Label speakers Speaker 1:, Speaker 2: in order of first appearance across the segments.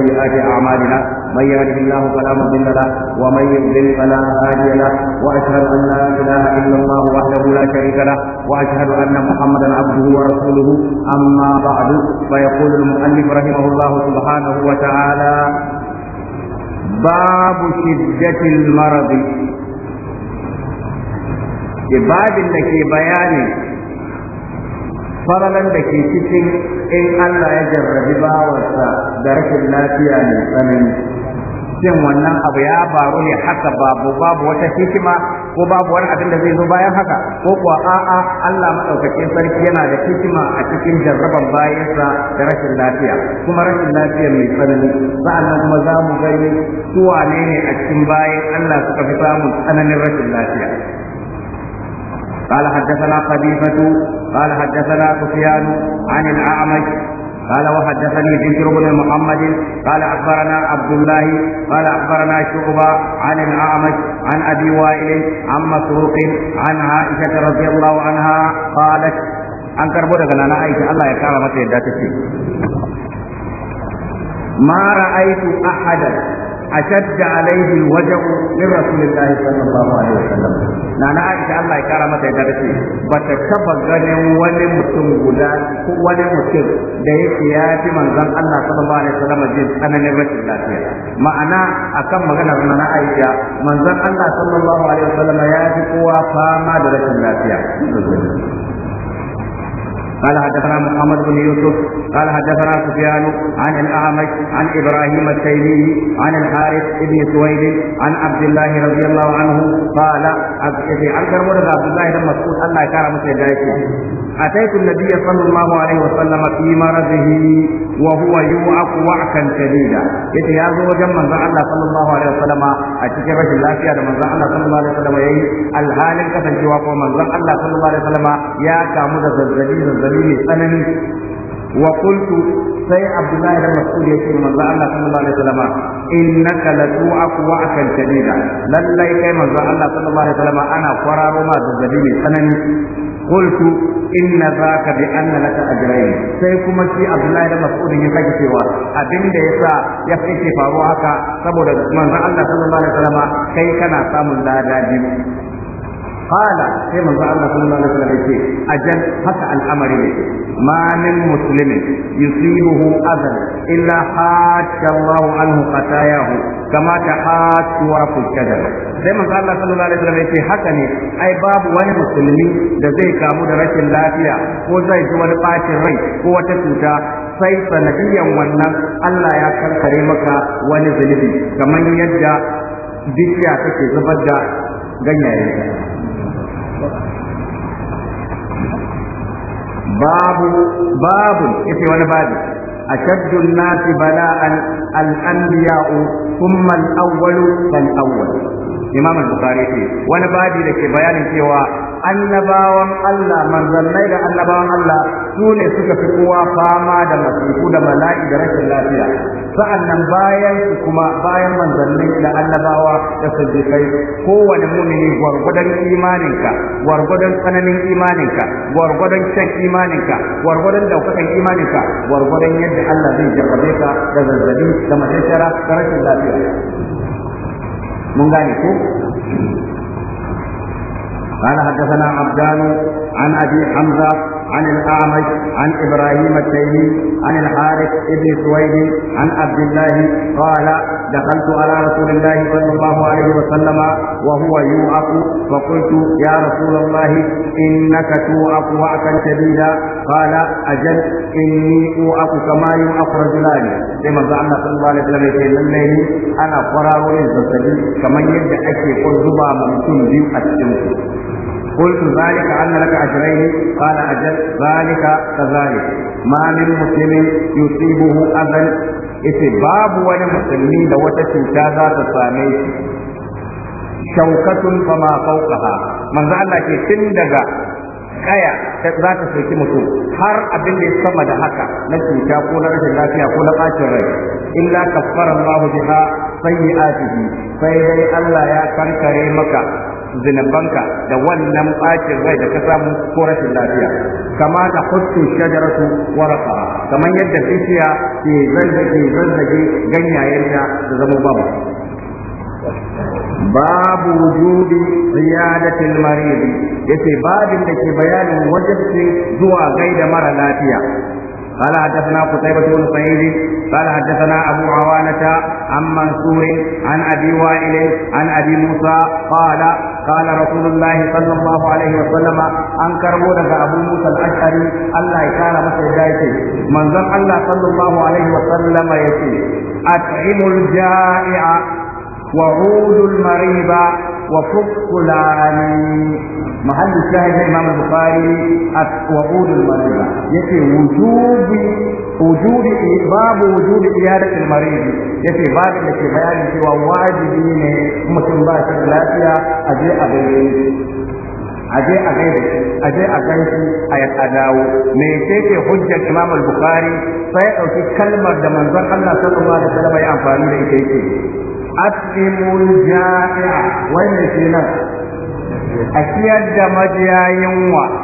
Speaker 1: وسيئات أعمالنا من يهده الله فلا مضل له ومن يضلل فلا هادي له وأشهد أن لا إله إلا الله وحده لا شريك له وأشهد أن محمدا عبده ورسوله أما بعد فيقول المؤلف رحمه الله سبحانه وتعالى باب شدة المرض babin da ke bayanin faralan da ke cikin in Allah ya jarrabi bawarsa da rashin lafiya mai tsanani shin wannan abu ya faru ne haka babu babu wata hikima ko babu wani abin da zai zo bayan haka ko kuwa a'a Allah madaukakin sarki yana da hikima a cikin jarraban bayansa da rashin lafiya kuma rashin lafiya mai tsanani sa'annan kuma za mu gani su wane ne a cikin bayan Allah suka fi samun tsananin rashin lafiya قال حدثنا قبيبة قال حدثنا سفيان عن الأعمش قال وحدثني بشر بن محمد قال أخبرنا عبد الله قال أخبرنا شعبة عن الأعمش عن أبي وائل عن مسروق عن عائشة رضي الله عنها قالت أن كربو دغنا عائشة الله يكرمك يداتك ما رأيت أحدا أشد عليه الوجع من رسول الله صلى الله عليه وسلم نانا عائشة الله يكرم متى يدرسي بتكبر غني ولي متم غدا ده يأتي من ذن الله صلى الله عليه وسلم جيد أنا نرسي الله فيها معنى أكم مغنى من عائشة من ذن الله صلى الله عليه وسلم يأتي قوة فاما درس الله فيها قال حدثنا محمد بن يوسف قال حدثنا سفيان عن الأعمش عن إبراهيم التيمي عن الحارث بن سويد عن عبد الله رضي الله عنه قال عن كرمون عبد الله بن مسعود الله كرم سيدايته أتيت النبي صلى الله عليه وسلم في مرضه وهو يوعك وعكا شديدا yace ya zo wajen manzon Allah sallallahu alaihi wasallama a cikin rashin lafiya da manzon Allah sallallahu alaihi wasallama yayi alhalin kasancewa ko manzon Allah sallallahu alaihi wasallama ya kamu da zazzabi razani mai tsanani wa qultu sai abdullahi da mas'ud ya ce manzo Allah sallallahu alaihi wasallam innaka la tu'aku wa akan tadida lallai kai manzo Allah sallallahu alaihi wasallam ana kwararo ma zazzabi mai tsanani qultu inna zaka bi anna laka ajrayn sai kuma shi abdullahi da mas'ud ya sake cewa abinda yasa ya fice faruwa haka saboda manzo Allah sallallahu alaihi wasallam kai kana samun lada biyu qala sai manzo Allah sallallahu alaihi wasallam yace ajal haka al'amari ne ma min muslimin yusibuhu adan illa hatta Allah anhu qatayahu kama hatu wa fushadar sai manzo Allah sallallahu alaihi wasallam yace haka ne ai babu wani musulmi da zai kamu da rashin lafiya ko zai ji wani bacin rai ko wata cuta sai sanadiyan wannan Allah ya karkare maka wani zunubi kamar yadda bishiya take zubar da ganyaye babu babu yace wani babu أشد الناس بلاء الأنبياء ثم الأول فالأول Imam Bukhari ce wani babu da ke bayanin cewa annabawan Allah manzannai da annabawan Allah su ne suka fi kowa fama da masifu da bala'i da rashin lafiya sa'annan bayan kuma bayan manzanni da annabawa da sadiqai kowane mumini gwargwadon imaninka gwargwadon tsananin imaninka gwargwadon shan imaninka gwargwadon daukakan imaninka gwargwadon yadda Allah zai jarrabe ka da zazzabi da matashara da rashin lafiya mun gane ko قال حدثنا عبدان عن أبي حمزة عن الأعمش عن إبراهيم التيمي عن الحارث بن سويد عن عبد الله قال دخلت على رسول الله صلى الله عليه وسلم وهو يوعق فقلت يا رسول الله إنك توعق وعكا شديدا قال أجل إني أوعق كما يوعق رجلان لما زعمنا صلى الله عليه وسلم في الليل أنا فراغ الزبدي كما يبدأ أكي قل من كل قلت ذلك أن لك أجرين قال أجل ذلك كذلك ما من مسلم يصيبه أذى إذ باب ولا مسلمين لو تشوكا ذات الثاني شوكة فما فوقها من ذا الله تندق kaya za ta soki mutum har abin da ya sama da haka na cuta ko na rashin lafiya ko na bacin rai illa kaffara Allah sanyi sayyi'atihi sai dai Allah ya karkare maka zinabanka da wannan bacin rai da ka samu ko rashin lafiya kama da hussu shajaratu warafa kamar yadda bishiya ke zazzage zazzage ganyayenta da zama babu babu wujudi ziyadatil maridi yace babin da ke bayanin wajibcin zuwa gaida mara lafiya قال حدثنا قتيبة بن سعيد قال حدثنا أبو عوانة عن منصور عن أبي وائل عن أبي موسى قال قال رسول الله صلى الله عليه وسلم أن كرمونا أبو موسى الأشعري الله كان مسجدايته من ذن الله صلى الله عليه وسلم يسير أطعم الجائع وعود المريبة وفك العاني محل الشاهد الإمام البخاري وعود المريضة يتي وجوب وجود باب وجود عيادة المريض يتي باب التي بيان سوى واجبين مثل الله تعالى أجي أبيه aje a gaida aje a gaishe a ya dawo me yake hujjar Imam al-Bukhari sai ya dauki kalmar da manzon Allah sallallahu alaihi wasallam ya amfani da ita yake at'imul ja'i'a wannan kenan a ciyar da majiya yunwa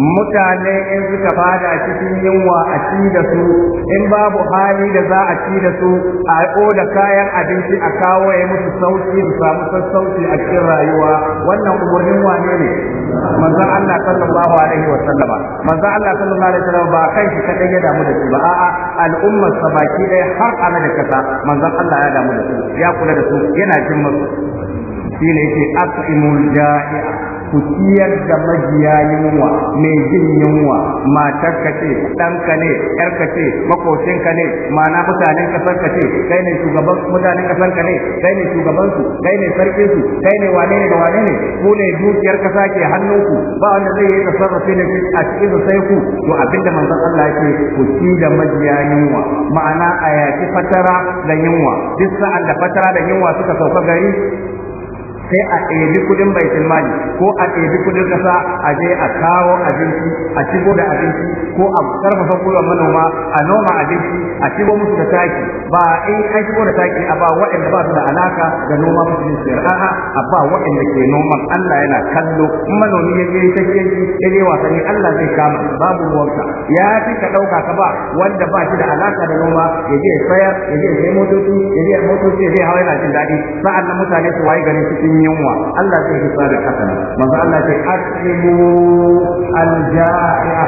Speaker 1: mutane in suka fada cikin yunwa a ci da su in babu hali da za a ci da su a da kayan abinci a kawo ya musu sauki su samu sassauci a cikin rayuwa wannan umarnin wane ne manzon Allah sallallahu alaihi wa sallama manzon Allah sallallahu alaihi wa sallama ba kai shi kadai ya damu da su ba a'a al'ummar sa baki ɗaya har ana da kasa manzon Allah ya damu da su ya kula da su yana jin musu shine yake at'imul ja'i'a ku ciyar da majiya yunwa mai jin yunwa matar ka ce ɗanka ne yar ka ce makocin ka ne mana mutanen kasar ka ce kai ne shugaban mutanen kasar ka ne kai ne shugaban su kai ne sarkin su kai ne wane ne da wane ne ku ne dukiyar kasa ke hannun ku ba wanda zai yi tasarrufi ne a cikin sai ku to abinda manzon Allah yake ku ci da majiya yunwa ma'ana a yaki fatara da yunwa duk sa'an da fatara da yunwa suka sauka gari sai a ɗebi kudin baitul mali ko a ɗebi kudin ƙasa a je a kawo abinci a cigo da abinci ko a karfafa gwiwa manoma a noma abinci a cigo musu da taki ba in an shigo da taki a ba waɗanda ba su da alaka da noma musu ne siyar a'a a ba waɗanda ke noma, Allah yana kallo manomi ya je ta keji ya je wasanni Allah zai kama babu ruwanka ya fi ka ɗauka ka ba wanda ba shi da alaka da noma ya je sayar ya je ya motoci ya je motoci ya je hawa yana jin daɗi sa'an nan mutane su waye garin cikin yunwa Allah zai fita da kasana manzo Allah ce al-ja'a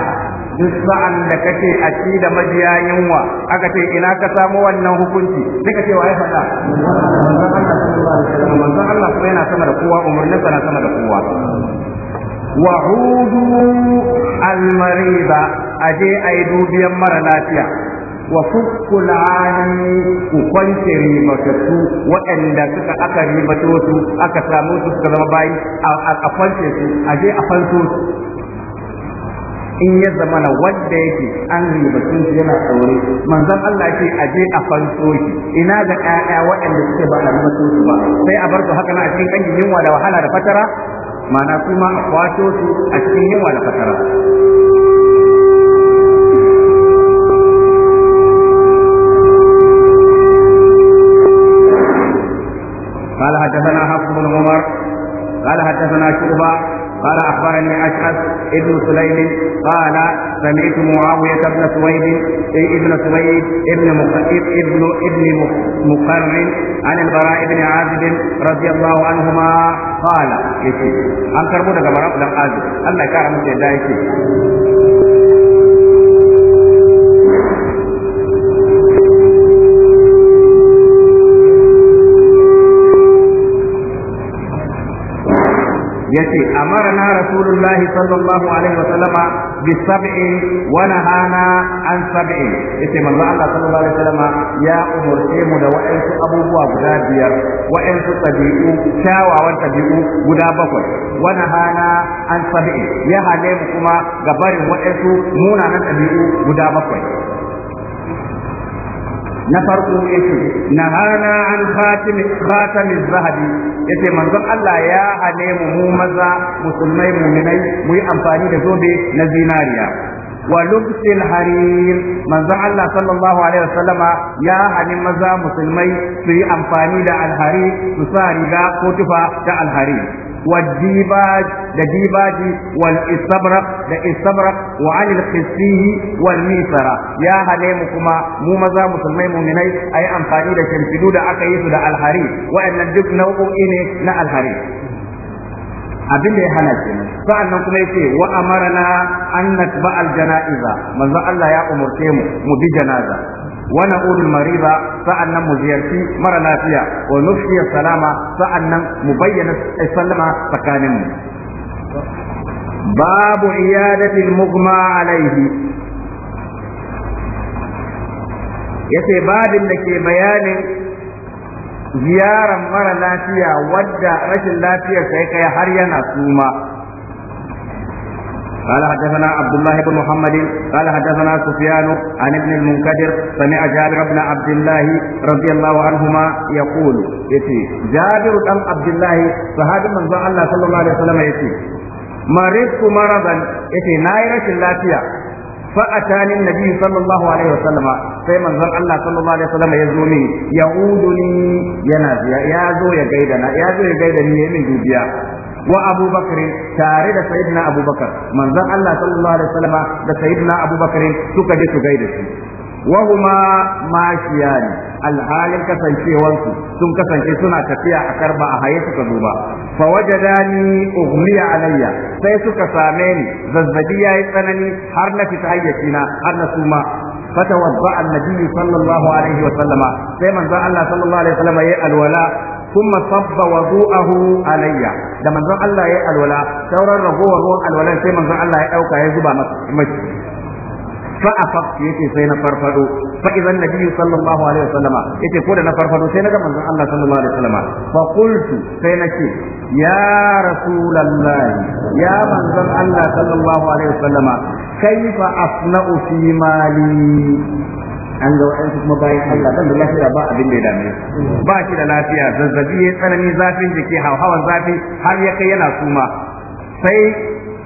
Speaker 1: duk sa'an da kace a ci da majiya yunwa aka ce ina ka samu wannan hukunci duka ce wa ya faɗa manzo Allah kuma yana sama da kowa umarnin sa na sama da kowa wa hudu aje ayi dubiyan mara lafiya wa fukkul ani ku kwance ribatattu waɗanda suka aka ribato su aka samu su suka zama bayi a kwance su a je a fanto su in ya zama na wanda yake an ribatu shi yana tsaure manzon Allah ce a je a fanto shi ina ga ƴaƴa waɗanda suke ba a ribato su ba sai a bar su haka na a cikin ƙangin yunwa da wahala da fatara mana kuma a kwato su a cikin yunwa da fatara
Speaker 2: قال حدثنا حفص بن عمر
Speaker 1: قال حدثنا شعبة قال أخبرني أشعث ابن سليم قال سمعت معاوية بن سويد ابن سويد ابن ابن ابن مقرن عن البراء بن عازب رضي الله عنهما قال يشي أنكر بودك براء بن عازب الله يكرمك يا yace amarna rasulullah sallallahu alaihi wa sallama bi sab'i wa nahana an sab'i yace manzo Allah sallallahu alaihi wa sallama ya umurce mu da wa'ansu abubuwa guda biyar wa'ansu tabi'u kyawawan tabi'u guda bakwai wa nahana an sab'i ya hale mu kuma barin wa'ansu munanan tabi'u guda bakwai na farko yace nahana an khatim khatam zahabi yace manzon Allah ya hane maza musulmai mu'minai mu yi amfani da zobe na zinariya wa lubsil harir manzon Allah sallallahu alaihi wasallama ya hane maza musulmai su yi amfani da alhare, su sa riga ko tufa da alhare. والديباج لديباج والاستبرق لاستبرق وعن الخسيه والميسرة يا هليمكما مو مزا مسلمين مؤمنين أي أنفاني دا شمسدو دا أكيس دا الحرير وأن الدك نوع إني نا الحرير abin da ya hana ke nan sa'annan kuma yace wa amarna an natba al janaiza manzo Allah ya umurce mu mu bi janaza wa na'udul mariba sa'annan mu ziyarci mara lafiya wa nufshi salama sa'annan mu bayyana sallama tsakanin mu babu iyadatil mughma alaihi ce babin da ke bayanin ziyarar mara lafiya wadda rashin lafiyarsa ya kai har yana suma قال حدثنا عبد الله بن محمد قال حدثنا سفيان عن ابن المنكدر سمع جابر بن عبد الله رضي الله عنهما يقول يتي جابر بن عبد الله صحابي من الله صلى الله عليه وسلم يتي مرضت مرضا يتي نايرة اللاتية فأتاني النبي صلى الله عليه وسلم sai manzon Allah sallallahu alaihi wasallam ya zo min ya uduni yana ya zo ya gaida na ya zo ya gaida ni yayin dubiya wa Abu Bakr tare da Sayyidina Abu Bakar manzon Allah sallallahu alaihi wasallam da Sayyidina Abu Bakr suka je su gaida shi wa huma mashiyani alhalin kasancewansu sun kasance suna tafiya a karba a haye suka zo ba fa wajadani ughmiya alayya sai suka same ni zazzabi yayi tsanani har na fita hayyacina har na suma فتوضأ النبي صلى sai عليه وسلم سيما الله صلى الله عليه وسلم alwala. ثم صب وضوءه علي da manzon Allah ya alwala sauran ragowar ruwan alwalan sai manzon Allah ya dauka ya zuba masa fa afaq yace sai na farfado fa idan nabi sallallahu alaihi wasallama yace ko da na farfado sai na ga manzon Allah sallallahu alaihi wasallama fa qultu sai na ce ya rasulullah ya manzon Allah sallallahu alaihi wasallama kaifa asna'u fi mali an ga waɗansu kuma bayan Allah ban da lafiya ba abin da ya dame ba shi da lafiya zazzabi ya tsanani zafin jiki hauhawan zafi har ya kai yana suma sai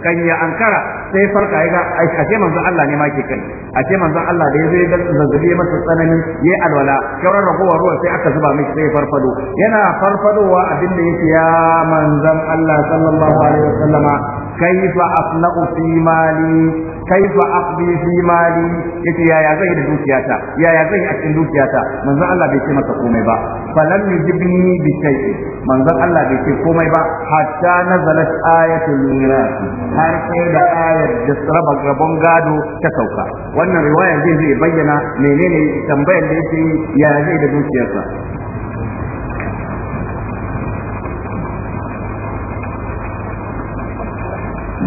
Speaker 1: kan ya ankara sai farka ya ga ashe manzon Allah ne ma ke kai ashe manzon Allah da ya zai zazzabi masa tsanani ya alwala kauran ragowa ruwa sai aka zuba mishi sai farfado yana farfadowa abin da yake ya manzon Allah sallallahu alaihi wasallama kaifa asna'u fi mali kaifa aqdi fi mali yace yaya zai da dukiyata yaya zai a cikin dukiyata manzon Allah bai ce masa komai ba falam yujibni bi shay'in manzon Allah bai ce komai ba hatta nazalat ayatul miras har sai da ayar da raba gaban gado ta sauka wannan riwaya zai zai bayyana menene tambayar da yake yaya zai da dukiyarsa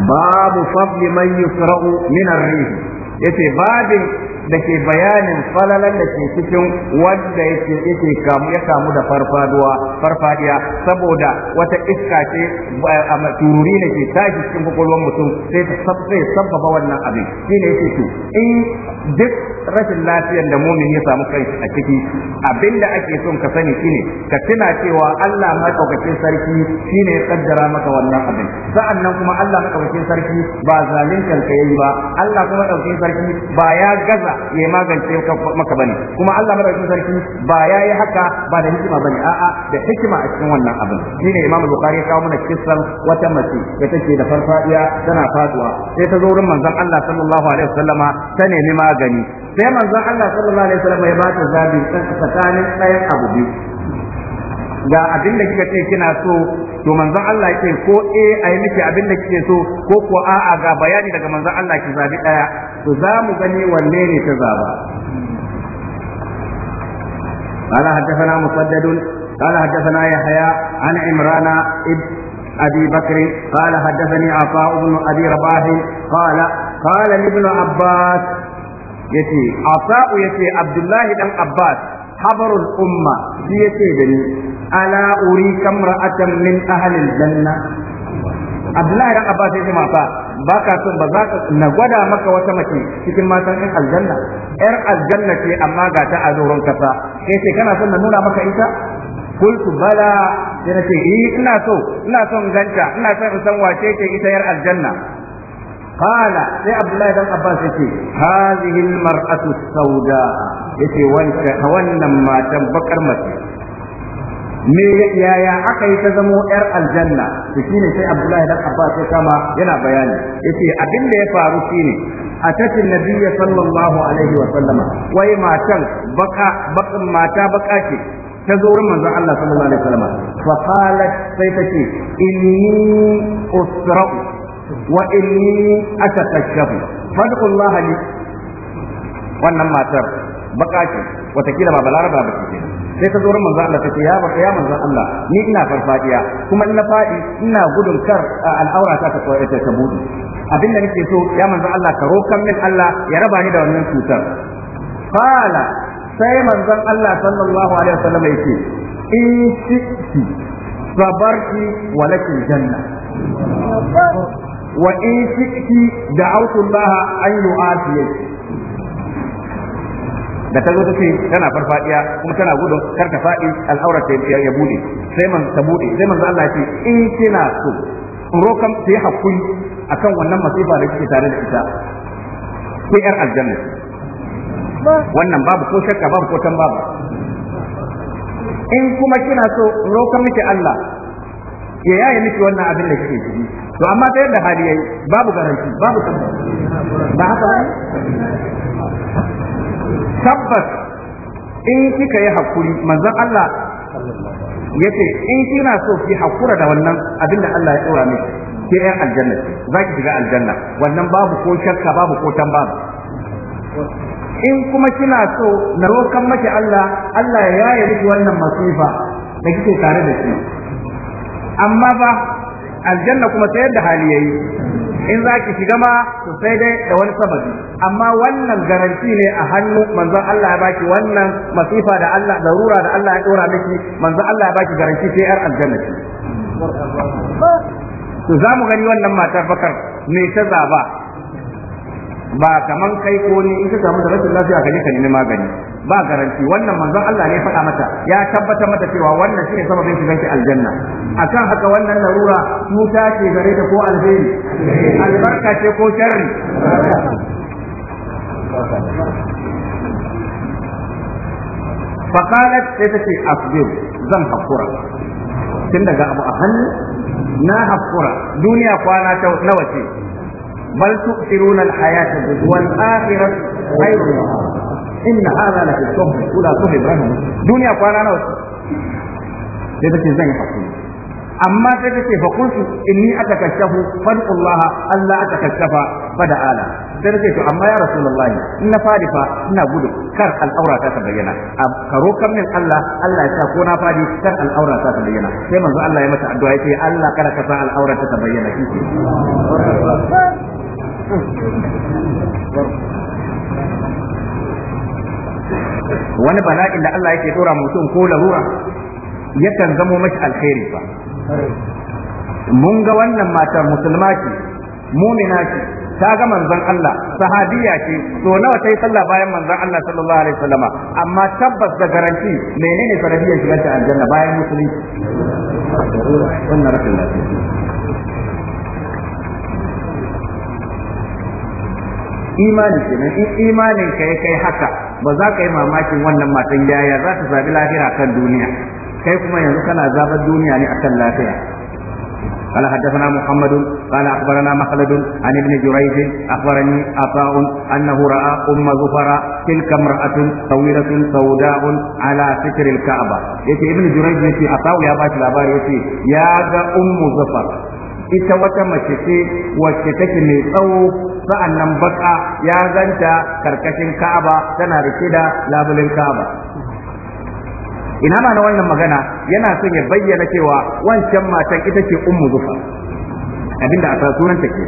Speaker 1: babu fadli man yusra'u min ar yace babin da ke bayanin falalan da ke cikin wanda yake yake kamu ya kamu da farfaduwa farfadiya saboda wata iska ce eh, a tururi da ke tashi cikin kwakwalwar mutum sai ta sai sabbaba wannan abin shine yake to in duk rashin lafiyar da mumin ya samu kai a ciki abinda ake son ka sani shine ka tuna cewa Allah madaukakin sarki shine ya kaddara maka wannan abin sa'annan kuma Allah madaukakin sarki ba zalintar ka yayi ba Allah kuma madaukakin sarki ba ya gaza ya magance maka bane kuma Allah madaukakin sarki ba ya yi haka ba da hikima bane a'a da hikima a cikin wannan abin shine Imam Bukhari ya kawo mana kissan wata mace da take da farfadiya tana faduwa sai ta zo wurin manzon Allah sallallahu alaihi wasallama ta nemi magani gani sai manzon Allah sallallahu alaihi wasallam ya bata zabi tsakanin ɗayan abu biyu ga abin da kika ce kina so to manzon Allah yake ko eh ayi miki abin da kike so ko ko a'a ga bayani daga manzon Allah ki zabi ɗaya to za mu gani wanne ne ta zaba قال حدثنا مسدد قال حدثنا يحيى عن عمران أبي بكر قال حدثني عطاء بن أبي رباح قال قال ابن عباس yace asa'u yace abdullahi dan abbas habarul umma shi yace da ala uri kamra'atan min ahli janna abdullahi dan abbas yace ma ba ka son ba za ka na gwada maka wata mace cikin matan ɗin aljanna yar aljanna ce amma ga ta a zoron kasa yace kana son na nuna maka ita kultu bala sai nace eh ina so ina son ganta ina son in san wace ce ita yar aljanna Fala sai abdullahi dan abbas yace hadhihi almar'atu sauda yace wancan wannan matan bakar mace me yaya aka yi ta zamo yar aljanna to shine sai abdullahi dan abbas ya kama yana bayani yace abin da ya faru shine أتت النبي صلى الله عليه وسلم وهي ما تل بقى بقى ما تبقى تزور من الله صلى الله عليه وسلم فقالت سيتتي إني أسرأ wa inni atakashafu fadkhullah li wannan matar baka ce watakila ba balaraba ba ce sai ta zo manzo Allah tace ya ba ya manzo Allah ni ina farfadiya kuma ina fadi ina gudun kar al'aura ta ta koyar ta budu abin da nake so ya manzo Allah ka rokan min Allah ya raba ni da wannan cutar fala sai manzo Allah sallallahu alaihi wasallam yake in shi sabarki walakin janna wa in shi'ti da'awtu Allah an yu'afiyaki da ta zo ta ce tana farfadiya kuma tana gudun kar ta fadi al'aurar ya bude sai man ta bude sai man Allah ya ce in kina so rokan sai hakuri kan wannan masifa da kike tare da ita ke yar aljanna wannan babu ko shakka babu ko tambaba in kuma kina so rokan miki Allah ya yi miki wannan abin da kike ciki to amma ta yadda hali yayi babu garanti babu tabbas ba haka ba tabbas in kika yi hakuri manzon Allah yace in kina so ki hakura da wannan abin da Allah ya dora miki ke yan aljanna za ki shiga aljanna wannan babu ko shakka babu ko tambaya. in kuma kina so na rokan maki Allah Allah ya yaye miki wannan masifa da kike tare da shi amma ba aljanna kuma sai yadda hali yayi in za ki shiga ma to sai dai da wani sababi amma wannan garanti ne a hannu manzon Allah ya baki wannan masifa da Allah zarura da Allah ya dora miki manzon Allah ya baki garanti sai yar aljanna to za mu gani wannan matar bakar me ta zaba ba kaman kai ko ni in ka samu da rashin lafiya ka je ka nemi magani ba garanti wannan manzon Allah ne ya faɗa mata ya tabbata mata cewa wannan shine sababin shigar ki aljanna akan haka wannan larura cuta ce gare ta ko alheri albarka ce ko sharri فقالت ce أصبر zan hakura tun daga abu a hannu na hakura duniya kwana ta nawa ce بل تؤثرون الحياة الدنيا والآخرة خير إن هذا لفي الصحف الأولى صحف إبراهيم دنيا قال أنا sai take zan yi hakuri amma sai take fa kuntu inni atakashafu fadqullaha Allah atakashafa fada ala sai take to amma ya rasulullahi in na fadi fa ina gudu kar al'aura ta ta bayyana karo kan min Allah Allah ya sa ko na fadi kar al'aura ta ta bayyana sai manzo Allah yi mata addu'a yace Allah kada ka sa al'aura ta bayyana
Speaker 2: wani
Speaker 1: bala'in da Allah yake dora mutum ko larura yakan zamo mashi alkhairi ba. mun ga wannan matar musulma ce ta ga manzon Allah sahabiya ce so nawa ta yi sallah bayan manzon Allah sallallahu alaihi wasallama amma tabbas da garanti menene sanadiyar shiga ta aljanna bayan musulunci wannan rashin lafiya imani kenan in kai haka ba za ka yi mamakin wannan matan jaya za ta sami lafiya kan duniya kai kuma yanzu kana zaben duniya ne a kan lafiya قال حدثنا محمد قال اخبرنا مخلد عن ابن جريج اخبرني عطاء انه راى ام زفر تلك امراه طويله سوداء على ستر الكعبه. يتي ابن جريج يتي عطاء يا باشا يتي يا ام زفر ita wata mace ce wacce take mai tsawo sa'an nan baka ya zanta karkashin ka'aba tana rike da labulin ka'aba ina ma na wannan magana yana son ya bayyana cewa wancan matan ita ce ummu zufa abinda a sunanta ke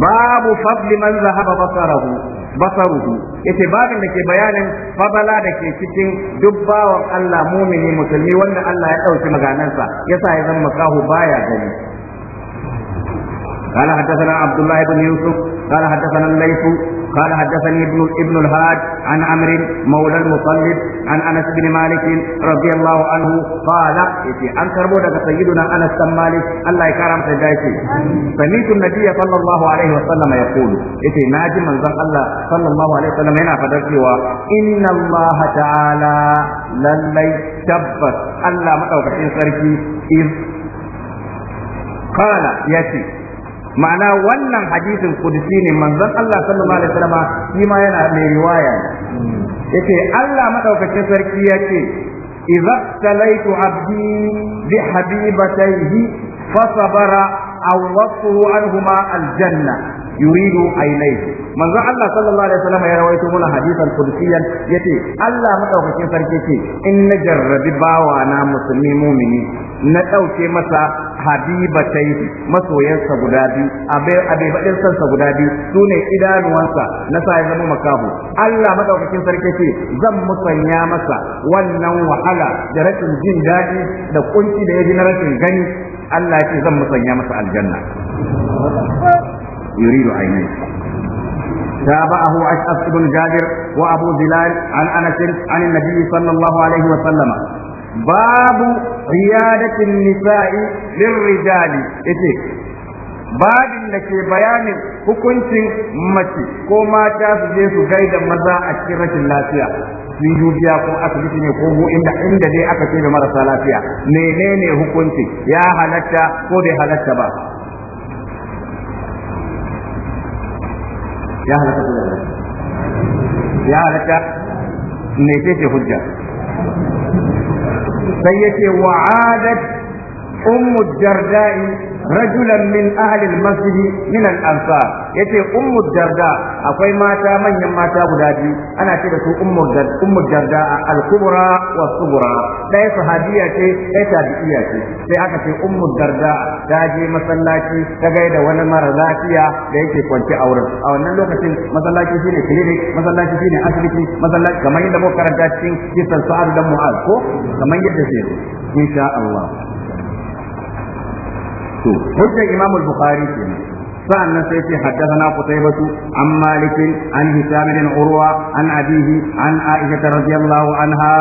Speaker 1: babu fadli man zahaba basarahu basaruhu yace babin da ke bayanin fadala da ke cikin dubbawan Allah mumini musulmi wanda Allah ya dauki maganansa yasa ya zama kahu baya gani قال حدثنا عبد الله بن يوسف قال حدثنا الليث قال حدثني ابن ابن الهاد عن عمرو مولى المطلب عن انس بن مالك رضي الله عنه قال في ان كربو daga سيدنا انس بن مالك الله يكرم سيدايتي سمعت النبي صلى الله عليه وسلم يقول يتي ناجي من الله صلى الله عليه وسلم هنا فدر ان الله تعالى للي تبت الله مدوكتين سركي إذ قال يتي ma'ana wannan hadisin kudusi ne manzon Allah sallallahu alaihi wasallam shi ma yana mai riwaya yace Allah madaukakin sarki yace idza talaitu abdi bi habibatayhi fa sabara awwatuhu anhuma aljanna yuridu ainai manzo Allah sallallahu alaihi wasallam ya rawaito mana hadisan ya ce, Allah madaukakin sarki ce in na jarrabi bawa na musulmi mumini na dauke masa habibatai masoyansa guda biyu abai guda biyu sune idanuwansa na sa ya zama makaho. Allah madaukakin sarki ce zan musanya masa wannan wahala da rashin jin daɗi da kunci da ya ji na rashin gani Allah ya ce zan musanya masa aljanna يريد عينيه تابعه أشعث بن جابر وأبو زلال عن أنس عن النبي صلى الله عليه وسلم باب ريادة النساء للرجال إتيك babin da ke bayanin hukuncin mace ko mata su je su gaida maza a cikin rashin lafiya sun dubiya ko asibiti ne ko inda inda dai aka ce da marasa lafiya menene hukunci ya halatta ko bai halatta ba ya halatta ko ya halatta me ce hujja sai yace wa'adat ummu darda'i رجلا min ahli المسجد من min يتي ansar الدرداء ummu ماتا akwai mata manyan mata guda biyu ana ce da su ummu a ummu darda al-kubra wa sughra dai sahabiya ce ce sai aka ce ummu darda ta je masallaci ta gaida wani mara da yake kwance a wurin a wannan lokacin masallaci shine clinic masallaci shine asibiti masallaci kamar yadda muka karanta cikin kisan sa'ad dan mu'az ko kamar yadda insha Allah to hujjar imam al-bukhari kenan sa'annan sai ce haddathana qutaybatu an malik an hisam bin urwa an abihi an aisha radhiyallahu anha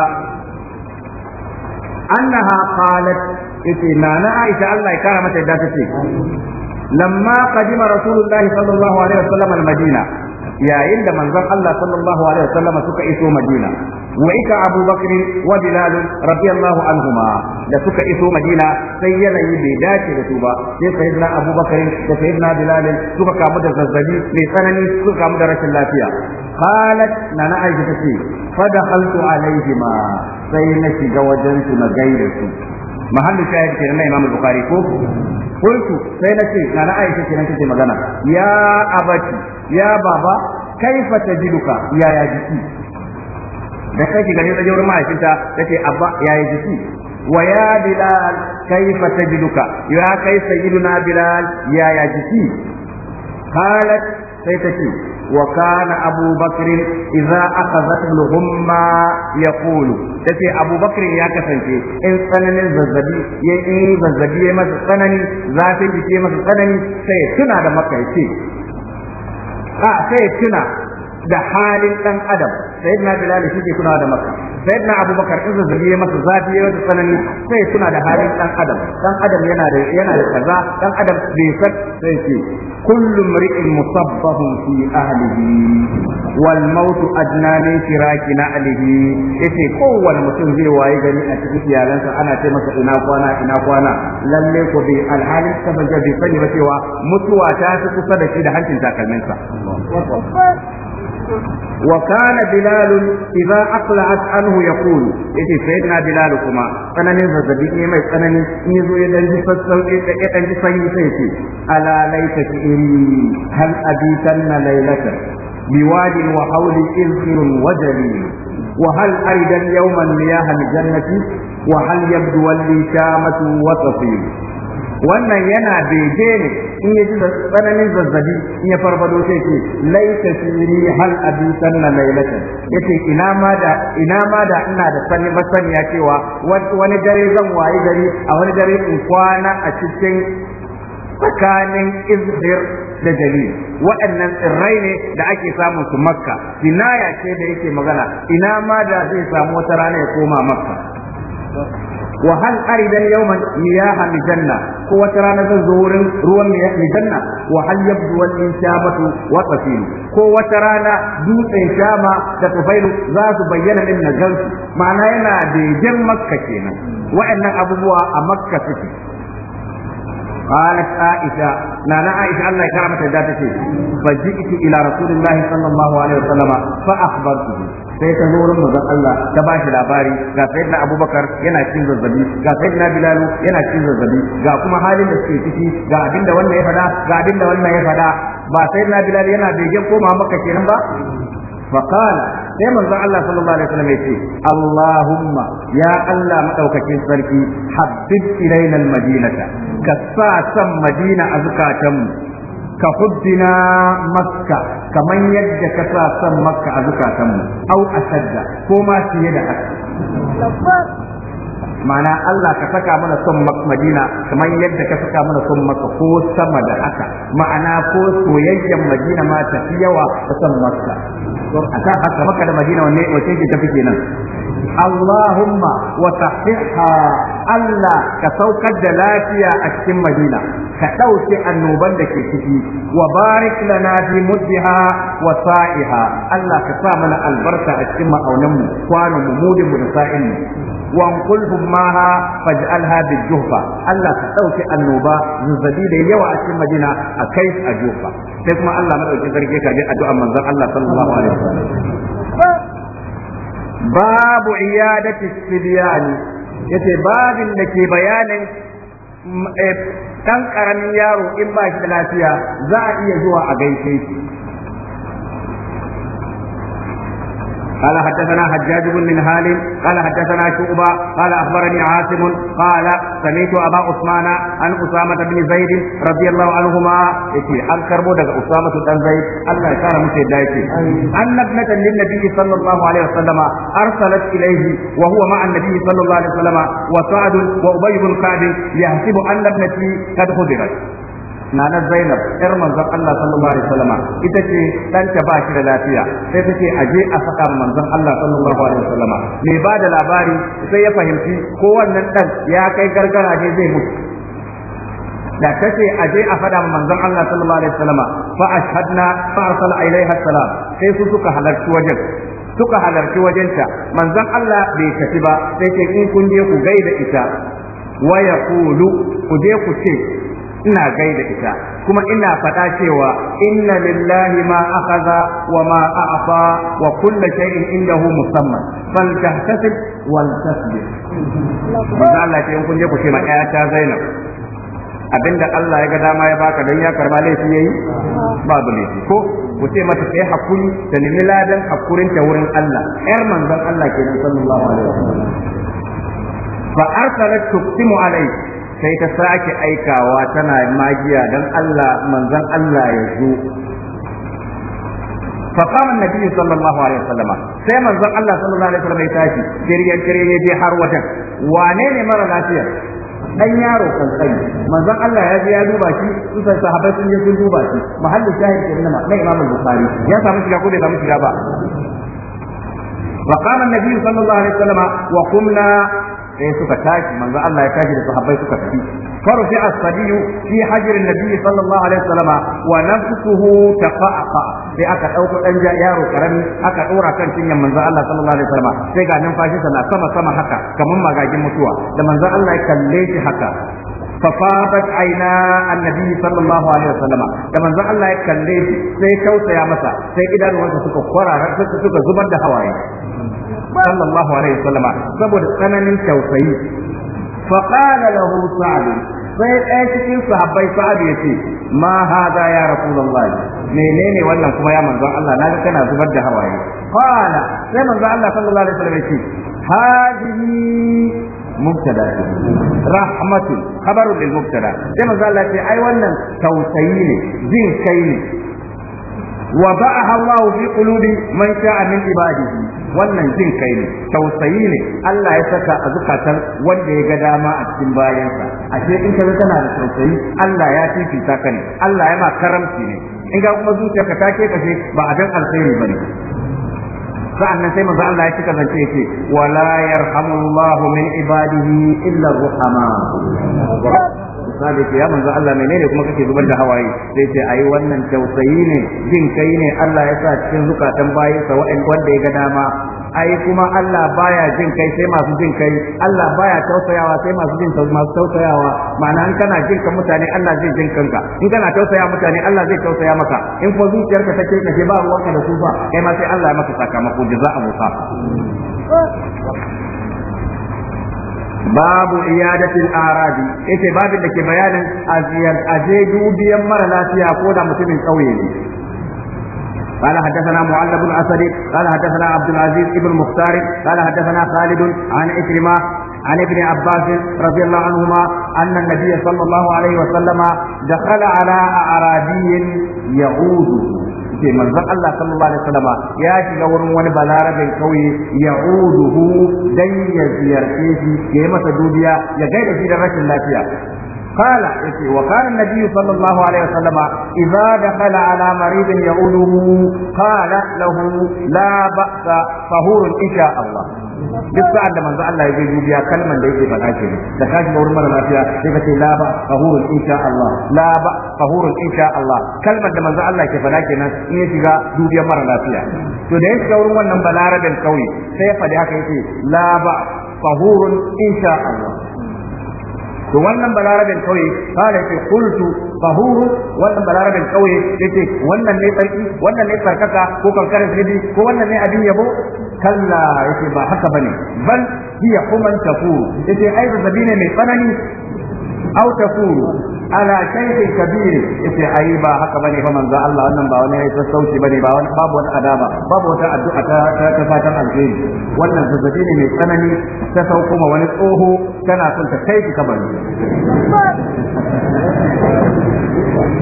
Speaker 1: annaha qalat ite nana aisha Allah ya kara mata yadda tace lamma kadima rasulullah sallallahu alaihi wasallam al-madina yayin da manzon Allah sallallahu alaihi wasallam suka iso madina وعك أبو بكر وبلال رضي الله da suka iso madina sai yanayi bai dace da su ba sai sayyidina abubakar da sayyidina bilal suka kamu da zazzabi mai tsanani suka kamu da rashin lafiya qalat nana aisha tace fa dakhaltu alaihima sai na shiga wajen su na gaida su mahallu shahid ke na imam bukhari ko qultu sai na ce nana aisha ce nake magana ya abati ya baba kaifa tajiduka ya ya jiki da kai shiga ne tsaje wurin mahaifinta ce abba yi jiki wa ya bilal kaifa tajiduka ya kai sayyiduna bilal ya ya jiki qalat sai ce wa kana abu bakr idza akhadhathu al-humma yaqulu tace abu Abubakar ya kasance in tsananin zazzabi ya in zazzabi ya masa tsanani zafin jiki masa tsanani sai tuna da makaici a ah, sai tuna da halin dan adam sayyidina bilal shi ke kuna da makka sayyidina abubakar in zazzabi ya masa zafi ya masa tsanani sai suna da halin dan adam dan adam yana da yana da kaza dan adam bai san sai ce kullu mri'in musabbahun fi ahlihi wal maut adna li firaki na alihi yace kowanne mutum zai waye gani a cikin iyalansa ana ce masa ina kwana ina kwana lalle ko bai alhalin ta bai sani ba cewa mutuwa ta fi kusa da shi da hancin takalminsa وكان بلال إذا أقلعت عنه يقول إيه سيدنا بلال كما أنا من زبيب نيما أنا من نزو يدنجي يدنجي سيدي سيدي ألا ليتك إني هل أبيتن ليلة بواد وحول إذخر وجليل وهل أرد يوما مياه الجنة وهل يبدو لي شامة وتصيل wannan yana daidai ne in ya ji tsananin zazzabi in ya farfado sai ce laita siri hal abi sanna lailatan yace ina ma da ina ma da ina da sani masaniya cewa wani dare zan wayi gari a wani dare in kwana a cikin tsakanin izhir da jalil waɗannan tsirrai ne da ake samun su makka ya ce da yake magana ina ma da zai samu wata rana ya koma makka wa hal aridan yawman miyaha mijanna ko wata rana zan zo wurin ruwan mijanna wa hal yabdu wal inshabatu wa tafilu ko wata rana dutsen shama da tufailu za su bayyana din na gansu ma'ana yana degen makka kenan wa'annan abubuwa a makka suke قالت عائشة نانا عائشة الله يكرمك ذاتك فجئت إلى رسول الله صلى الله عليه وسلم فأخبرته sai ta zo wurin Allah ta ba shi labari ga sayyidina Abubakar yana cin zazzabi ga na Bilal yana cin zazzabi ga kuma halin da suke ciki ga abinda wannan ya fada ga abinda wannan ya fada ba na Bilal yana begen koma maka kenan ba fa qala sai manzo Allah sallallahu alaihi wasallam yace Allahumma ya Allah madaukakin sarki habbib ilaina almadinata ka sa san madina a zukatanmu ka hubbina makka kaman yadda ka sa san makka a zukatanmu au asadda ko ma fiye da
Speaker 2: haka
Speaker 1: ma'ana Allah ka saka mana son Madina kamar yadda ka saka mana son Makka ko sama da haka ma'ana ko soyayyen Madina ma ta fi yawa ta son Makka akan haka maka da madina wanne wace ce tafi kenan Allahumma wa sahihha Allah ka saukar da lafiya a cikin Madina ka ɗauke annoban da ke ciki wa barik lana fi wa sa'iha Allah ka sa mana albarka a cikin ma'aunan mu kwanon mu mudin mu da sa'in mu وانقل هماها فاجعلها بالجوفة الله تسوكي النوبة زلزلي دي يوى أشي مدينة أكيس أجوفة تسمى الله مدعو جزر جيكا جاء دعا الله صلى الله عليه وسلم babu iyadati ya yace babin da ke bayanin dan eh, karamin yaro in ba shi da lafiya za a iya zuwa a gaishe shi قال حدثنا حجاج بن منهال قال حدثنا شعبة قال أخبرني عاصم قال سمعت أبا عثمان عن أسامة بن زيد رضي الله عنهما إتي عن كربو أسامة بن زيد الله كان مسيدايتي أن ابنة للنبي صلى الله عليه وسلم أرسلت إليه وهو مع النبي صلى الله عليه وسلم وسعد وأبي بن كعب يحسب أن ابنتي قد خذلت nana Zainab yar manzon Allah sallallahu alaihi wasallam ita ce danta ba shi da lafiya sai ta ce aje a saka manzon Allah sallallahu alaihi wasallam me ba da labari sai ya fahimci ko wannan dan ya kai gargara ne zai mutu da ta ce aje a fada manzon Allah sallallahu alaihi wasallam fa ashhadna fa arsala ilaiha salam sai su suka halarci wajen suka halarci wajenta manzon Allah bai tafi ba sai ke in kun je ku gaida ita wa yaqulu ku je ku ce ina gaida ita kuma ina faɗa cewa inna lillahi ma akhadha wa ma a'fa wa kullu shay'in indahu musamman fal tahtasib wal tasbih manzo Allah ce in kun je ku ce ma ƴa ta Zainab abinda Allah ya ga dama ya baka don ya karba laifi yayi babu laifi ko ku ce mata sai hakuri da nemi ladan hakurin ta wurin Allah ƴar manzon Allah kenan sallallahu alaihi wasallam fa arsalat tuqsimu alaihi sai ta sake aikawa tana magiya don Allah Manzan Allah ya zo فقام النبي صلى الله عليه وسلم sai manzon Allah sallallahu alaihi wasallam ya tashi kirye kirye je har wajen wane mara lafiya dan yaro kankan manzon Allah ya je ya duba shi sun sun je sun duba shi mahallin shahid ke nan na Imam ya samu shiga ko bai samu shiga ba وقام النبي صلى الله عليه وسلم وقمنا sai suka tashi manzo Allah ya tashi da sahabbai suka tafi farfi as-sadiyu fi hajrin nabi sallallahu alaihi wasallama wa nafsuhu tafa'a sai aka dauko dan yaro karami aka dora kan cinyan manzo Allah sallallahu alaihi wasallama sai ga numfashi sana sama sama haka kamar magagin mutuwa da manzo Allah ya kalle shi haka ففاضت عينا النبي صلى الله عليه وسلم كما ان الله يكلم سي توسع مسا سي اذا وانت سكو قرار سكو زبر ده هواي sallallahu alaihi wasallam saboda tsananin tausayi fa qala lahu sa'd sai ɗaya cikin sahabbai sa'd ya ce ma hada ya rasulullahi menene wannan kuma ya manzon Allah naga kana zubar da hawaye qala sai manzon Allah sallallahu alaihi wasallam ya ce hadihi Sai رحمة خبر للمبتدا كما قال لك اي ونن توسيني زين كيني وضعها الله في قلوب من شاء من عباده wannan jin kai ne tausayi ne Allah ya saka a zukatar wanda ya ga dama a cikin bayansa ashe in ka tana da tausayi Allah ya fifita ka ne Allah ya ma karamci ne in ga kuma zuciyarka ka ke kashe ba a dan alkhairi bane sa'annan sai manzo Allah ya cika zance yake wala yarhamullahu min ibadihi illa ruhama sahabi ce ya manzo Allah menene kuma kake zubar da hawaye sai ce ai wannan tausayi ne jin kai ne Allah ya sa cikin zukatan bayin sa wanda ya ga dama ai kuma Allah baya jin kai sai masu jin kai Allah baya tausayawa sai masu jin masu tausayawa ma'ana in kana jin ka mutane Allah zai jin kanka in kana tausaya mutane Allah zai tausaya maka in ko zuciyarka ka take kace ba ruwanka da su ba kai ma sai Allah ya maka sakamako jaza'a musa babu iyadatil arabi yace babin da ke bayanin aziyar aje dubiyan mara lafiya ko da mutumin kauye ne قال حدثنا معل بن اسد قال حدثنا عبد العزيز بن مختار قال حدثنا خالد عن إكرمة عن ابن عباس رضي الله عنهما أن النبي صلى الله عليه وسلم دخل على أعرابي يعوده ce manzon Allah sallallahu alaihi wasallam ya shiga wurin wani balarabin kauye ya'uduhu dan ya ziyarce shi ya yi masa dubiya ya gaida shi da rashin lafiya قال وكان النبي صلى الله عليه وسلم إذا دخل على مريض يعوده قال له لا بأس طهور إن شاء الله duk sa'ad da manzo Allah ya je dubiya kalman da yake faɗa ke da kashi da mara lafiya sai ka ce la ba qahurun insha Allah la ba qahurun insha Allah kalman da manzo Allah ke faɗa kenan in ya shiga dubiyar mara lafiya to da ya shiga wurin wannan balarabin kauye sai ya faɗi haka yace la ba qahurun insha Allah to wannan balarabin kauye kare ce qultu Fahuru wannan balarabin kauye yace wannan ne sarki wannan ne sarkaka ko kankarin sirri ko wannan ne abin yabo kalla ce ba haka ba ne bal hiya kuma tafuru ce ai zazzabi ne mai tsanani au tafuru ala kaifi kabir yace ai ba haka bane fa manzo Allah wannan ba wani sassauci bane ba wani babu wata adaba babu wata addu'a ta ta fatan alheri wannan zazzabi ne mai tsanani ta sauko ma wani tsoho tana son ta kaifi ki kabari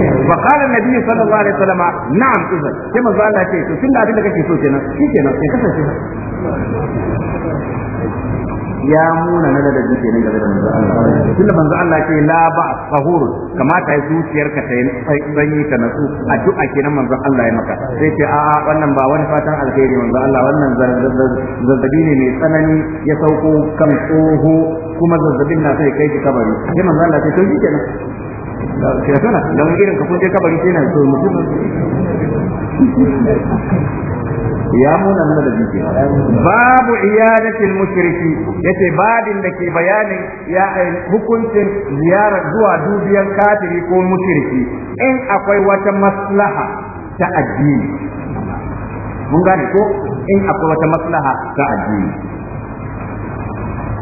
Speaker 1: فقال النبي صلى الله عليه وسلم نعم اذا كما قال الله كيف تunda abin da kake so kenan shikenan kenan kasance
Speaker 2: ya muna na ladabi kenan game da manzo Allah tunda
Speaker 1: manzo Allah ke la ba sahur kamata ya ka ta yi sanyi ta duk ake kenan manzo Allah ya maka sai ce a'a wannan ba wani fatan alheri manzo Allah wannan zazzabi ne mai tsanani ya sauko kan tsoho kuma zazzabin na sai kai ki kabari sai manzo Allah ce to shi kenan kira sana dan irin ka kun je kabari sai na so mutum ya muna nuna da jiki babu iyadatil mushriki yace babin da ke bayanin ya eh, hukuncin ziyara zuwa dubiyan kafiri ko mushriki in akwai wata maslaha ta addini mun gane ko in akwai wata maslaha ta addini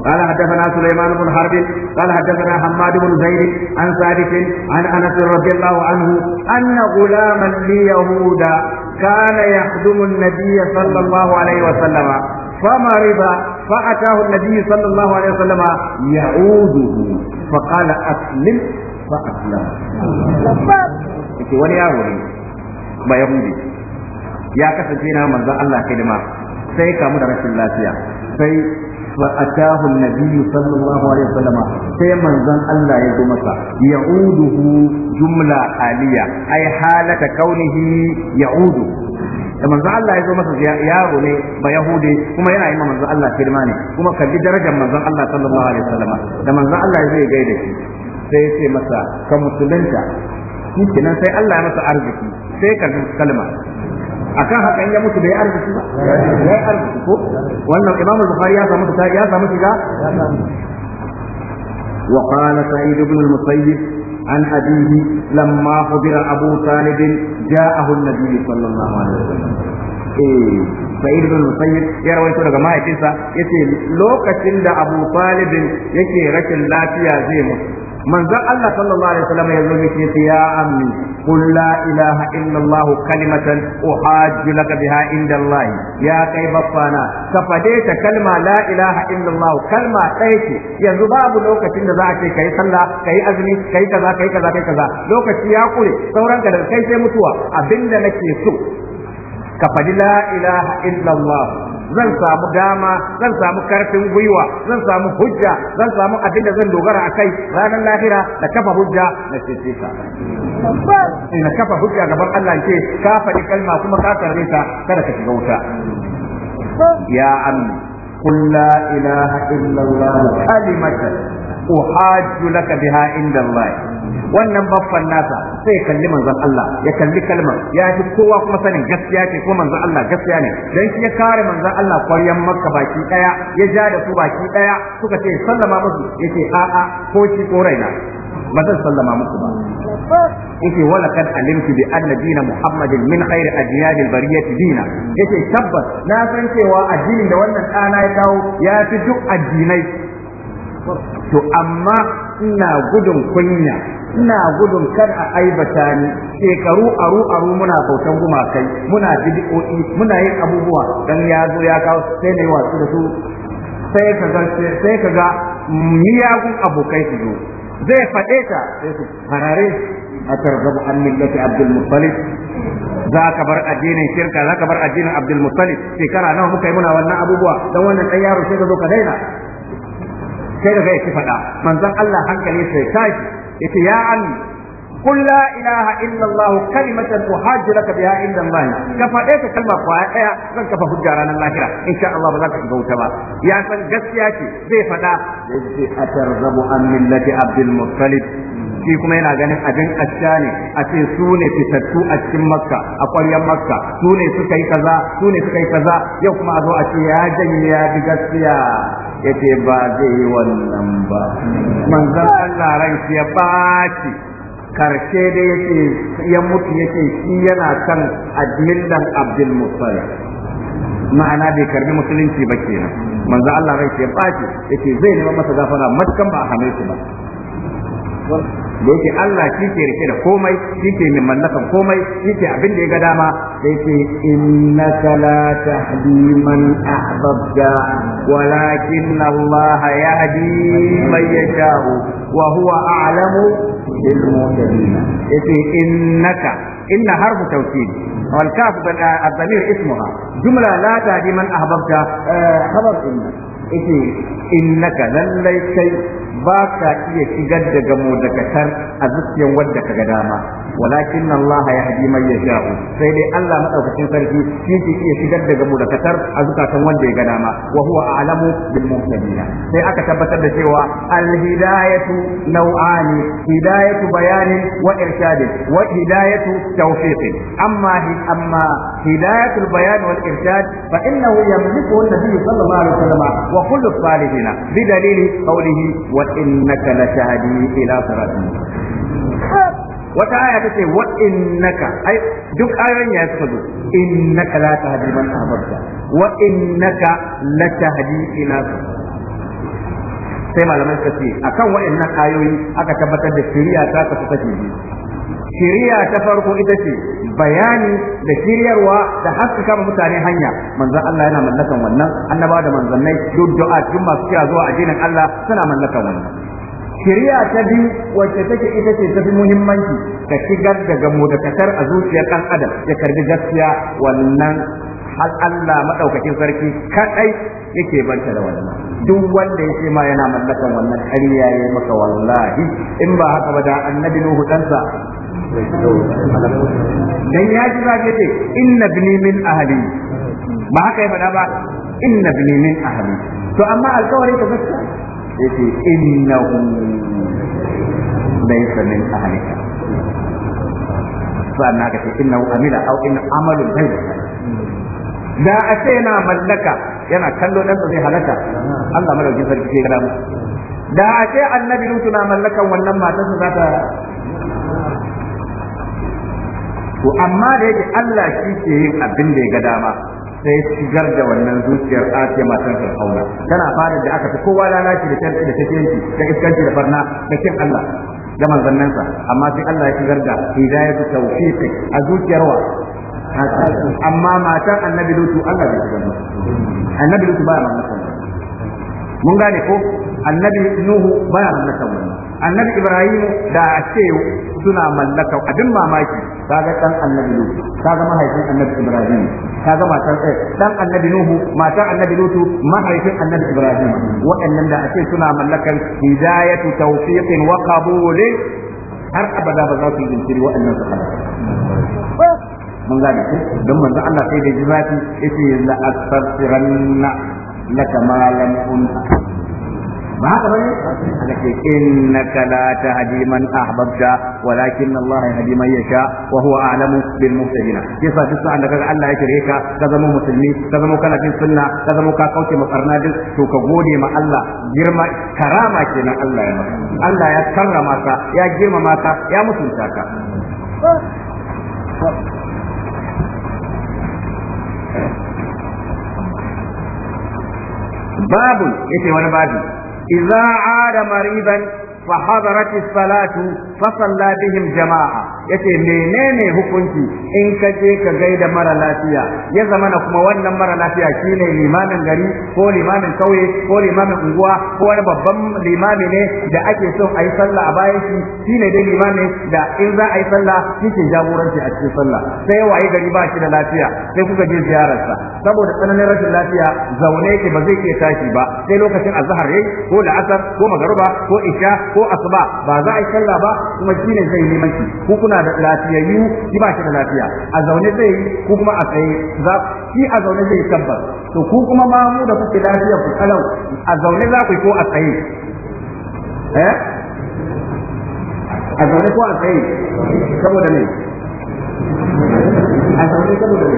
Speaker 1: قال حدثنا سليمان بن حرب قال حدثنا حماد بن زيد عن ثابت عن انس رضي الله عنه ان غلاما ليهودا كان يخدم النبي صلى الله عليه وسلم فمرض فاتاه النبي صلى الله عليه وسلم يعوده فقال اسلم فاسلم. wani yaro ne ba yahudi ya kasance na manzon Allah hidima sai kamu da rashin lafiya sai فأتاه النبي صلى الله عليه وسلم كما زن الله يقوم يعوده جملة آلية أي حالة كونه يعود manzo Allah ya zo masa yaro ne ba yahude kuma yana yi manzo Allah firma ne kuma kalli darajar manzo Allah sallallahu alaihi wasallam da manzo Allah zai gaida shi sai ya masa ka musulunta shi kenan sai Allah ya masa arziki sai ka akan in ya mutu bai arziki ba ya arziki ko wannan imam bukhari ya samu ta ya samu shiga wa qala sa'id ibn al-musayyib an abihi lamma hudira abu talib ja'ahu an-nabi sallallahu alaihi wasallam eh sa'id ibn musayyib ya rawaito daga mahaifinsa yace lokacin da abu talib yake rashin lafiya zai mutu manzon Allah sallallahu alaihi wasallam ya zo miki yace ya ammi qul la ilaha illa Allah kalimatan uhajju laka biha inda Allah ya kai baffana ka fade ta kalma la ilaha illa Allah kalma ɗaya ce yanzu babu lokacin da za a ce kai sallah kai azumi kai kaza kai kaza kai kaza lokaci ya kure sauran ka da kai sai mutuwa abinda nake so ka fadi la ilaha illa Allah zan samu dama zan samu karfin gwiwa zan samu hujja zan samu abin da zan dogara a kai ranar lahira da kafa hujja na cece ka eh, na kafa hujja gaban Allah ke ka faɗi kalma kuma ka tarbe ta kada ka shiga wuta ya ammi qul la ilaha illa allah kalimatan laka biha inda allah wannan baffan nasa sai kalli manzon Allah ya kalli kalmar ya ji kowa kuma sanin gaskiya ce ko manzon Allah gaskiya ne dan shi ya kare manzon Allah kwaryan makka baki daya ya ja da su baki daya suka ce sallama musu yace a'a ko shi ko raina ba zan sallama musu ba yake wala kan alimtu bi anna dina muhammadin min khairi adiyad albariyat dina yake tabbas na san cewa addinin da wannan dana ya kawo ya fi duk addinai to amma ina gudun kunya ina gudun kar a aibata ni shekaru aru aru muna bautan gumakai muna bid'o'i muna yin abubuwa dan ya zo ya kawo sai ne wasu da su sai ka ga sai ka ga miyagun abokai su zo zai faɗe ta sai su farare a tarzabu an millati abdul muttalib za ka bar addinin shirka za ka bar addinin abdul muttalib shekara nawa muka yi muna wannan abubuwa dan wannan ɗan yaro sai ka zo ka daina sai daga yake faɗa manzon Allah hankali sai tashi yace ya ammi قل لا إله إلا الله كلمة أحاج لك بها عند الله كفأيك كلمة فائعة لن كفى فجاران الآخرة إن شاء الله بذلك إذا تبا يا سن جسياتي زي فتا أترغب عن ملة عبد المطلب shi kuma yana ganin abin asha ne a ce su ne fitattu a cikin makka a ƙwaryar makka su ne suka yi kaza su ne suka yi kaza yau kuma a zo a ce ya janye ya bi gaskiya ya ce ba zai yi wannan ba manzan Allah ran shi ya baci karshe da ce ya mutu ya ce shi yana kan millan Abdul ma'ana bai karbi musulunci ba kenan manzan Allah rai ya baci ce zai nema masa gafara matkan ba a hame shi ba da yake Allah shi ke rike da komai shi ke min mallakan komai shi ke abin da ya ga dama da yake inna la tahdi man ahbabta walakin Allah yahdi man yasha'u wa huwa a'lamu bil muhtadin yake innaka inna harfu tawkid wal kaf bil adamir ismuha jumla la tahdi man ahbabta eh, khabar inna yace innaka lallai kai ba ka iya shigar da gamo da katar a zuciyar wadda ka ga dama walakin Allah ya haji man yasha'u sai dai Allah madaukakin sarki shi ke iya shigar da gamo da katar a zukatan wanda ya ga dama wa huwa a'lamu bil muhtadin sai aka tabbatar da cewa al hidayatu naw'ani hidayatu bayanin wa irshadin wa hidayatu tawfiqin amma amma hidayatul bayan wal irshad fa innahu yamliku an-nabiy sallallahu alaihi wasallam وكل الصالحين بدليل قوله وإنك لتهدي إلى صراط wata aya ta ce wa innaka ai duk ayoyin ya suka zo innaka la tahdi man ahbabta wa innaka la tahdi ila sai malamai suka ce akan wa'annan ayoyi aka tabbatar da shari'a ta kasu take biyu shiriya ta farko ita ce bayani da shiryarwa da haskaka ma mutane hanya manzon Allah yana mallakan wannan annaba da manzannai duk du'a duk masu kira zuwa addinin Allah suna mallakan wannan shiriya ta bi wacce take ita ce tafi muhimmanci ka shigar daga mudakatar a zuciyar ɗan adam ya karbi gaskiya wannan har Allah madaukakin sarki kadai yake banta da wannan duk wanda yake ma yana mallakan wannan kariya yayi maka wallahi in ba haka ba da annabi Nuhu dansa dan ya ji ba ce inna bini min ahli ba haka ya faɗa ba inna bini min ahli to amma
Speaker 2: alƙawarin ka gaskiya
Speaker 1: yace innahu laysa min ahlika na ka ce innahu amila aw in amalun ghayra da a ce yana mallaka yana kallo dan zai halaka Allah madaukin sarki ke gada da a ce annabi lutu na mallakan wannan matarsa za ta to amma da yake Allah shi ke yin abin da ya ga dama sai shigar da wannan zuciyar ake matan kauna. tana fara da aka fi kowa lalaci da tarki da tafiyanci da iskanci da farna, da kin Allah da manzannansa amma sai Allah ya shigar da hidayatu tawfiqi a zuciyar wa amma matan annabi lutu Allah bai shigar annabi lutu baya mamlakan mun gane ko annabi nuhu baya mamlakan annabi ibrahim da a ce suna mallaka abin mamaki kaga dan annabi nuhu kaga mahaifin annabi ibrahim kaga matan eh dan annabi nuhu matan annabi lutu mahaifin annabi ibrahim wa'annan da a ce suna mallakan hidayatu tawfiqin wa qabulin har abada ba za su yi jinkiri wa'annan su mun gane ku don manzo Allah sai da jima'i yace la asfartiranna laka ma lam unha ba haka bane aka ce innaka la tahdi man ahbabta walakin Allah ya man yasha wa huwa a'lamu bil muhtadin yasa duk sa'an da kaga Allah ya kire ka ka zama musulmi ka zama kana bin sunna ka zama ka kauce makarna duk to ka gode ma Allah girma karama kenan Allah ya maka Allah ya karrama ka ya girmama ka ya mutunta ka babu yake wani babu إذا عاد مريضا فحضرت الصلاة فصلى بهم جماعة yace menene hukunci in ka je ka gaida mara lafiya ya zamana kuma wannan mara lafiya shine limamin gari ko limamin kauye ko limamin unguwa ko wani babban limami ne da ake so a yi sallah a bayan shi ne dai limamin da in za a yi sallah shi ke jagoranci a cikin sallah sai waye gari ba shi da lafiya sai kuka je ziyararsa saboda tsananin rashin lafiya zaune yake ba zai iya tashi ba sai lokacin azhar yayi ko la'asar ko magruba ko isha ko asuba ba za a yi sallah ba kuma shine zai neman ki ku kuna da lafiyayyu shi ba shi da lafiya a zaune zai yi ko kuma a tsaye za shi a zaune zai tabbas to ku kuma ma mu da kuke lafiya ku kalau a zaune za ku ko a tsaye eh a zaune
Speaker 2: ko a tsaye saboda ne a zaune saboda ne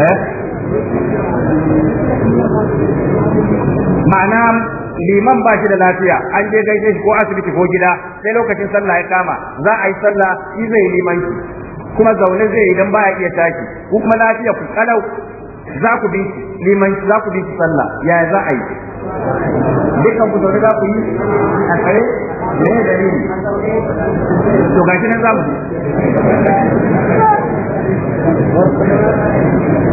Speaker 2: eh
Speaker 1: ma'ana liman ba shi da lafiya an je gaishe shi ko asibiti ko gida sai lokacin sallah ya kama za a yi sallah shi zai liman shi, kuma zaune zai idan ya iya tashi ku kuma lafiya ku kalau za ku bi limanci za ku bi sallah yaya za a yi dukkan ku zaune za ku yi a kare ne da ni to gashi nan za mu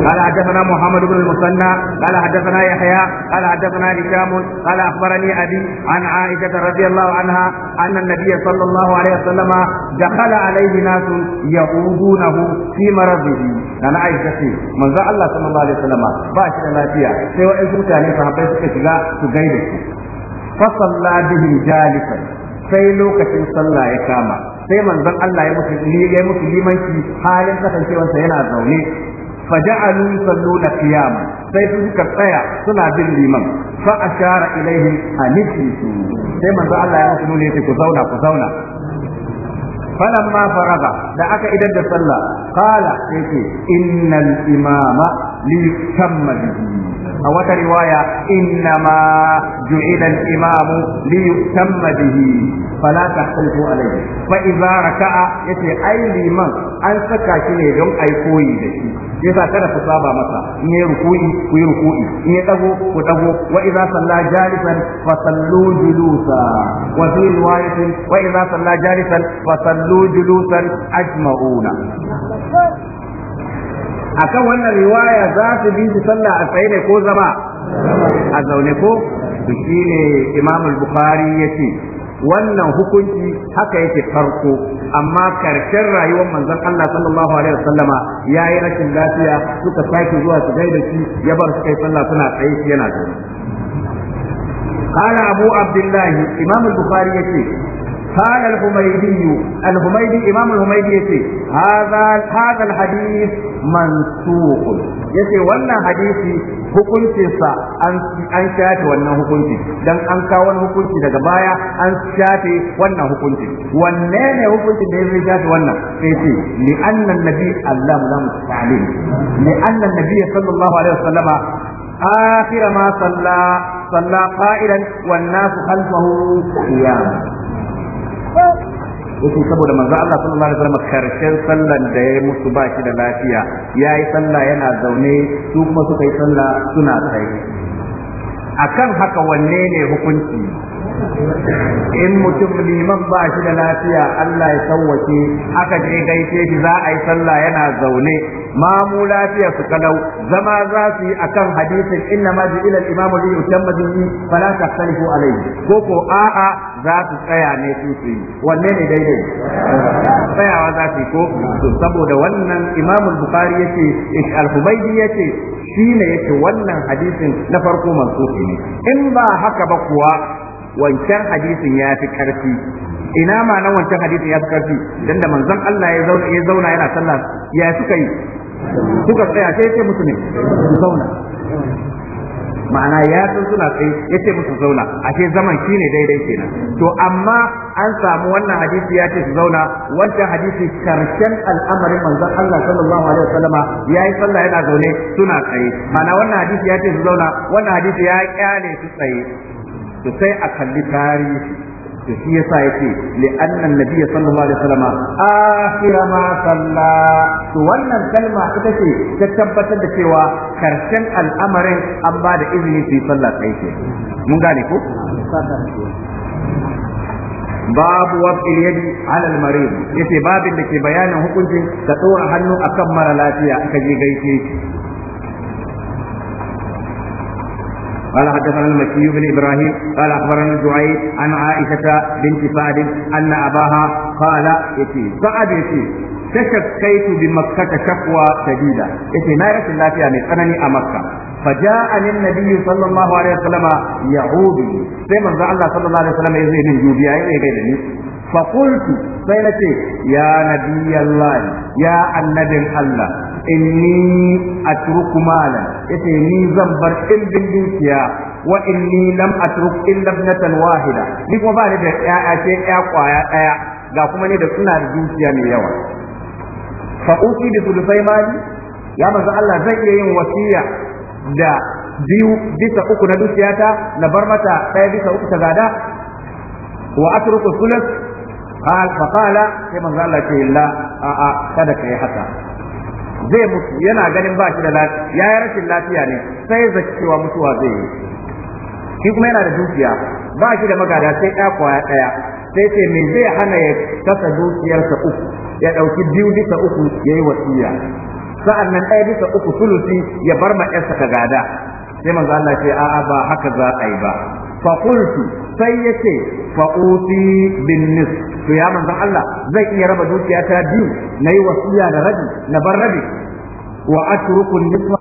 Speaker 1: قال حدثنا محمد بن المثنى قال حدثنا يحيى قال حدثنا هشام قال اخبرني ابي عن عائشه رضي الله عنها ان النبي صلى الله عليه وسلم دخل عليه ناس يعودونه في مرضه na na aisha ce manzo Allah sallallahu alaihi wasallam ba shi da lafiya sai wa'ansu mutane sahabbai suka shiga su gaida shi fa salla bihim sai lokacin sallah ya kama sai manzon Allah ya musu ya musu limanci halin kasancewarsa yana zaune faja'alu yusalluna qiyaman sai su suka tsaya suna bin liman fa ashara ilaihim anisu sai manzo Allah ya musu nuni yace ku zauna ku zauna ma faraga da aka idan da sallah qala yace innal imama li yusamma a wata riwaya innama ju'ila al-imamu li yutamma bihi fala tahtalifu alayhi fa idza raka'a yace ai liman an saka shi ne don ai koyi da shi yasa kada ku saba masa in yi ruku'i ku yi ruku'i in ya dago ku dago wa idza salla jalisan fa sallu julusa wa fi riwayatin wa idza salla jalisan fa sallu julusan ajma'una akan wannan riwaya za su bi su sallah a tsaye ne ko zama a zaune ko shi shine Imam Bukhari ya ce. wannan hukunci haka yake farko amma karshen rayuwar manzon Allah sallallahu alaihi wasallama yayi rashin lafiya suka sake zuwa su gaida shi ya bar su kai sallah suna tsaye yana zaune قال أبو عبد الله إمام البخاري يقول قال الحميدي الحميدي امام الحميدي يتي هذا هذا الحديث منسوق yace wannan hadisi hukunci sa an shafe wannan hukunci dan an kawo wani hukunci daga baya an shafe wannan hukunci wanne ne hukunci da zai shafe wannan sai ce li anna nabi Allah lam ta'lim li anna nabi sallallahu alaihi wasallama akhir ma salla salla qa'ilan wan nas khalfahu qiyam Wasu saboda manzo Allah sallallahu alaihi wasallam karshen sallan da ya musu ba shi da lafiya yayi sallah yana zaune su kuma suka yi sallah suna tsaye akan haka wanne ne hukunci in mutum liman ba shi da lafiya Allah ya sauwake aka je gaishe shi za a yi sallah yana zaune mamu lafiya su kalau zama za su yi akan hadisin inna ma ji'ila al-imamu li yutamma bihi fala taqtalifu alayhi ko ko a'a za su tsaya ne su su wanne ne daidai tsayawa za su yi ko saboda wannan imamul bukhari yace al-hubaydi yace shine yace wannan hadisin na farko mansubi ne in ba haka ba kuwa wancan hadisin ya fi karfi ina ma nan wancan hadisin ya fi karfi dan da manzon Allah ya zauna ya zauna yana sallah ya suka yi suka tsaya sai ce musu ne zauna ma'ana ya san suna tsaye ya ce musu zauna A ce zaman shi ne daidai kenan to amma an samu wannan hadisi ya ce su zauna wancan hadisi karshen al'amarin manzon Allah sallallahu alaihi wasallama ya yi sallah yana zaune suna tsaye ma'ana wannan hadisi ya ce su zauna wannan hadisi ya kyale su tsaye to sai a kalli tarihi to shi yasa yake anna nabiyyi sallallahu alaihi wasallam akhira ma salla to wannan kalma ita ce ta tabbatar da cewa karshen al'amarin an ba da izini su yi sallah kai ke mun gane ko babu wab'il yadi ala al-marid yace babin da ke bayanin hukuncin ka tsora hannu akan mara lafiya aka je gaishe قال حدثنا المكي بن ابراهيم قال اخبرنا زعيد عن عائشه بنت سعد ان اباها قال يتي سعد يتي تشكيت بمكة شكوى شديدة يتي نارة الله فيها من أنني أمكة فجاءني النبي صلى الله عليه وسلم يعودني سيما الله صلى الله عليه وسلم يزيد من جوبيا يزيد فقلت سينتي يا نبي الله يا النبي الله inni atruku malan yace ni zan bar ɗimbin dukiya wa inni lam atruk illa ibnatan wahida ni kuma ba ni da ƴaƴa ce ƴa kwaya ɗaya ga kuma ni da suna da dukiya mai yawa fa uti bi thuluthai mali ya manzo Allah zan iya yin wasiya da biyu bisa uku na dukiyata na bar mata ɗaya bisa uku ta gada wa atruku sai قال فقال كما قال لا آآ آآ كذا كي حتى zai mutu yana ganin ba shi da lafiya ya rashin lafiya ne sai zaki cewa mutuwa zai yi shi kuma yana da dukiya ba shi da magada sai ya kwaya ɗaya sai sai me zai hana ya kasa dukiyarsa uku ya ɗauki biyu bisa uku ya yi wasiya sa'annan nan ɗaya bisa uku sulusi ya bar ma ƴarsa ta gada sai manzo Allah ce a'a ba haka za a yi ba fa sai ya ce uti bin to ya manzon Allah zai iya raba dukiya ta biyu yi wasiya da rabi na bar rabi
Speaker 2: wa atruku nisfa